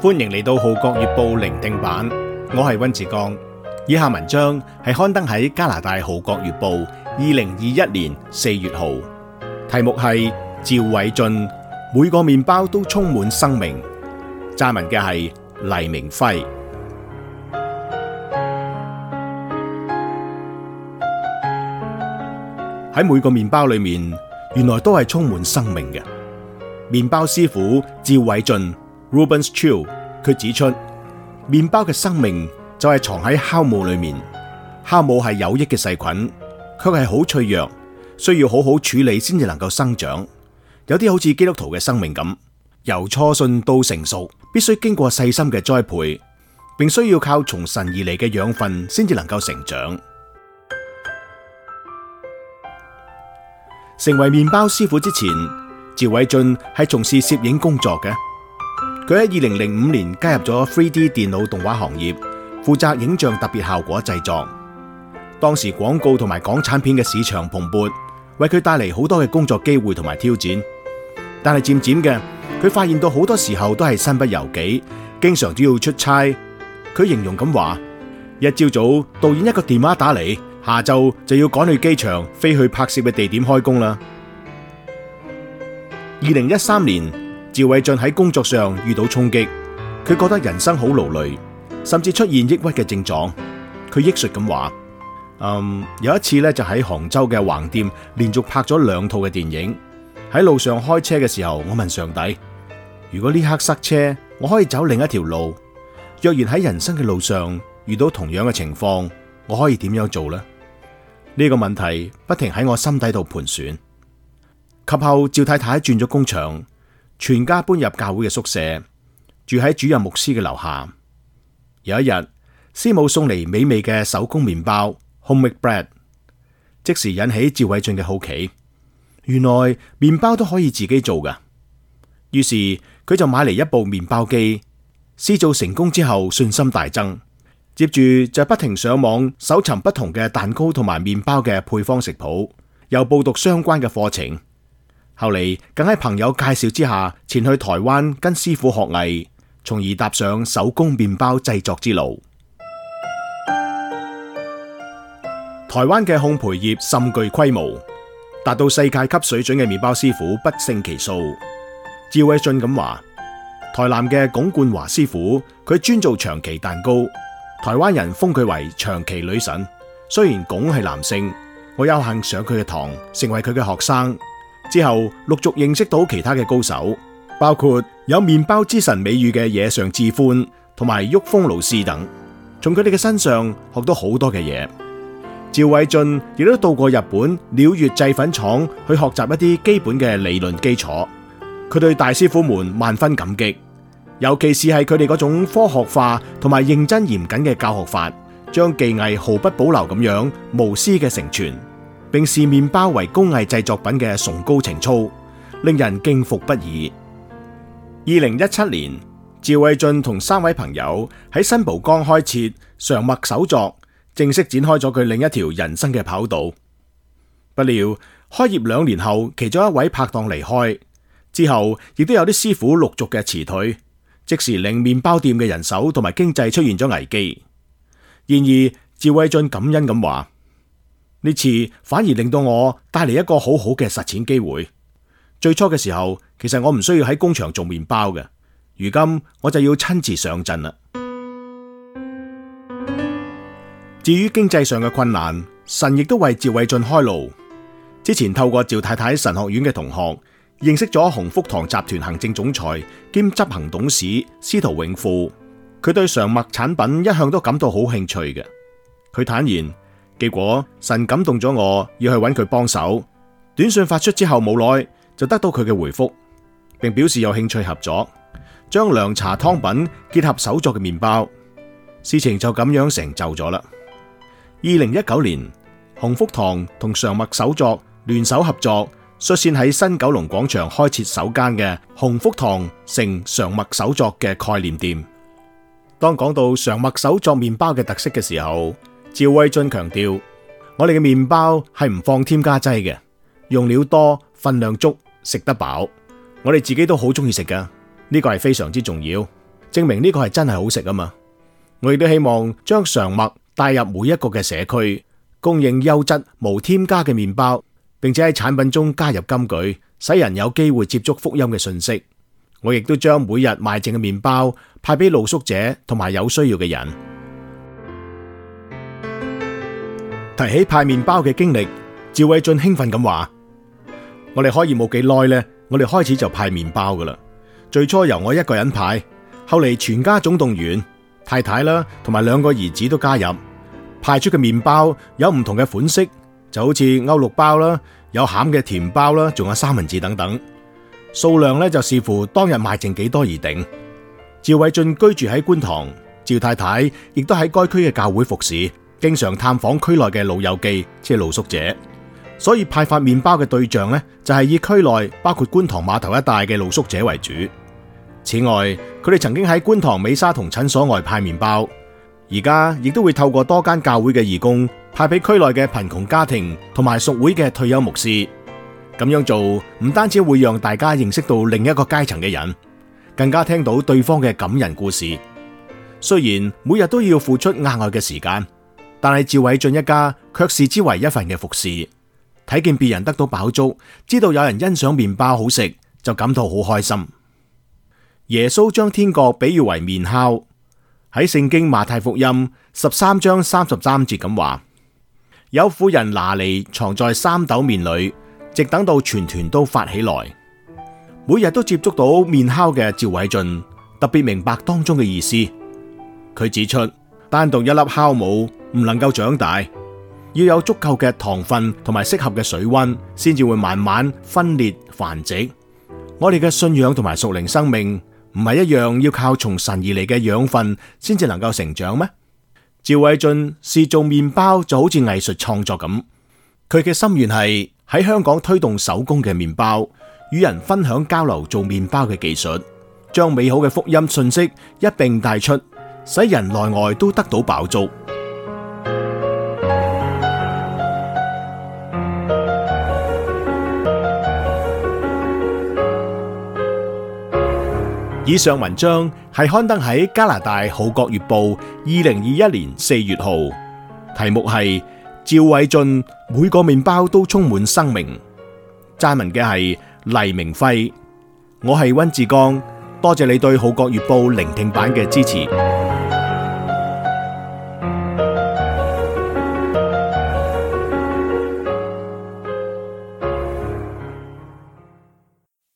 歡迎嚟到《浩國月報》聆聽版，我係温志剛。以下文章係刊登喺加拿大《浩國月報》二零二一年四月號，題目係趙偉俊：每個麵包都充滿生命，撰文嘅係黎明輝。喺每個麵包裏面，原來都係充滿生命嘅。麵包師傅趙偉俊。Rubens Chiu，佢指出麵包嘅生命就係藏喺酵母裏面，酵母係有益嘅細菌，卻係好脆弱，需要好好處理先至能夠生長。有啲好似基督徒嘅生命咁，由初信到成熟，必須經過細心嘅栽培，並需要靠從神而嚟嘅養分先至能夠成長。成為麵包師傅之前，趙偉俊係從事攝影工作嘅。佢喺二零零五年加入咗 3D 電腦動畫行業，負責影像特別效果製作。當時廣告同埋港產片嘅市場蓬勃，為佢帶嚟好多嘅工作機會同埋挑戰。但係漸漸嘅，佢發現到好多時候都係身不由己，經常都要出差。佢形容咁話：「一朝早導演一個電話打嚟，下晝就要趕去機場飛去拍攝嘅地點開工啦。」二零一三年。趙偉俊喺工作上遇到衝擊，佢覺得人生好勞累，甚至出現抑鬱嘅症狀。佢憶述咁話：嗯，有一次咧就喺杭州嘅橫店連續拍咗兩套嘅電影，喺路上開車嘅時候，我問上帝：如果呢刻塞車，我可以走另一條路；若然喺人生嘅路上遇到同樣嘅情況，我可以點樣做咧？呢、呢個問題不停喺我心底度盤旋。及後，趙太太轉咗工場。全家搬入教會嘅宿舍，住喺主任牧師嘅樓下。有一日，師母送嚟美味嘅手工麵包 （homemade bread），即時引起趙偉俊嘅好奇。原來麵包都可以自己做㗎。於是佢就買嚟一部麵包機。試做成功之後，信心大增。接住就不停上網搜尋不同嘅蛋糕同埋麵包嘅配方食譜，又報讀相關嘅課程。後嚟，更喺朋友介紹之下，前去台灣跟師傅學藝，從而踏上手工麵包製作之路。 台灣嘅烘焙業甚具規模，達到世界級水準嘅麵包師傅不勝其數。趙偉俊咁話：台南嘅龔冠華師傅，佢專做長崎蛋糕，台灣人封佢為長崎女神。雖然龔係男性，我有幸上佢嘅堂，成為佢嘅學生。之後陸續認識到其他嘅高手，包括有麵包之神美譽嘅野上智寬同埋旭豐老師等，從佢哋嘅身上學到好多嘅嘢。趙偉俊亦都到過日本鳥越製粉廠去學習一啲基本嘅理論基礎，佢對大師傅們萬分感激，尤其是係佢哋嗰種科學化同埋認真嚴謹嘅教學法，將技藝毫不保留咁樣無私嘅承傳。並視麵包為工藝製作品嘅崇高情操，令人敬服不已。二零一七年，趙偉俊同三位朋友喺新蒲崗開設常墨手作，正式展開咗佢另一條人生嘅跑道。不料，開業兩年後，其中一位拍檔離開之後，亦都有啲師傅陸續嘅辭退，即時令麵包店嘅人手同埋經濟出現咗危機。然而，趙偉俊感恩咁話。呢次反而令到我帶嚟一個好好嘅實踐機會。最初嘅時候，其實我唔需要喺工場做麵包嘅。如今我就要親自上陣啦。至於經濟上嘅困難，神亦都為趙偉俊開路。之前透過趙太太神學院嘅同學，認識咗鴻福堂集團行政總裁兼執行董事司徒永富。佢對常物產品一向都感到好興趣嘅。佢坦言。結果神感動咗，我要去揾佢幫手。短信發出之後冇耐就得到佢嘅回覆並表示有興趣合作，將涼茶湯品結合手作嘅麵包。事情就咁樣成就咗啦。二零一九年，鴻福堂同常麥手作聯手合作，率先喺新九龍廣場開設首間嘅鴻福堂成常麥手作嘅概念店。當講到常麥手作麵包嘅特色嘅時候，趙偉俊強調：我哋嘅麵包係唔放添加劑嘅，用料多，份量足，食得飽。我哋自己都好中意食噶，呢個係非常之重要，證明呢個係真係好食啊嘛！我亦都希望將常麥帶入每一個嘅社區，供應優質無添加嘅麵包，並且喺產品中加入金句，使人有機會接觸福音嘅信息。我亦都將每日賣剩嘅麵包派俾露宿者同埋有需要嘅人。提起派麵包嘅經歷，趙偉俊興奮咁話：我哋開業冇幾耐呢，我哋開始就派麵包噶啦。最初由我一個人派，後嚟全家總動員，太太啦，同埋兩個兒子都加入，派出嘅麵包有唔同嘅款式，就好似歐陸包啦，有餡嘅甜包啦，仲有三文治等等。數量呢，就視乎當日賣剩幾多而定。趙偉俊居住喺觀塘，趙太太亦都喺該區嘅教會服侍。經常探訪區內嘅老友記，即係露宿者，所以派發麵包嘅對象呢，就係以區內包括觀塘碼頭一帶嘅露宿者為主。此外，佢哋曾經喺觀塘美沙酮診所外派麵包，而家亦都會透過多間教會嘅義工派俾區內嘅貧窮家庭同埋屬會嘅退休牧師。咁樣做唔單止會讓大家認識到另一個階層嘅人，更加聽到對方嘅感人故事。雖然每日都要付出額外嘅時間。但係趙偉俊一家卻視之為一份嘅服侍，睇見別人得到飽足，知道有人欣賞麵包好食，就感到好開心。耶穌將天國比喻為麵酵，喺聖經馬太福音十三章三十三節咁話：有婦人拿嚟藏在三斗麵裏，直等到全團都發起來。每日都接觸到麵酵嘅趙偉俊特別明白當中嘅意思。佢指出單獨一粒酵母。唔能夠長大，要有足夠嘅糖分同埋適合嘅水温，先至會慢慢分裂繁殖。我哋嘅信仰同埋屬靈生命唔係一樣，要靠從神而嚟嘅養分先至能夠成長咩？趙偉俊試做麵包就好似藝術創作咁，佢嘅心願係喺香港推動手工嘅麵包，與人分享交流做麵包嘅技術，將美好嘅福音信息一併帶出，使人內外都得到飽足。以上文章係刊登喺加拿大《好國月報》二零二一年四月號，題目係《趙偉俊每個麵包都充滿生命》，撰文嘅係黎明輝，我係溫志剛，多謝你對《好國月報》聆聽版嘅支持。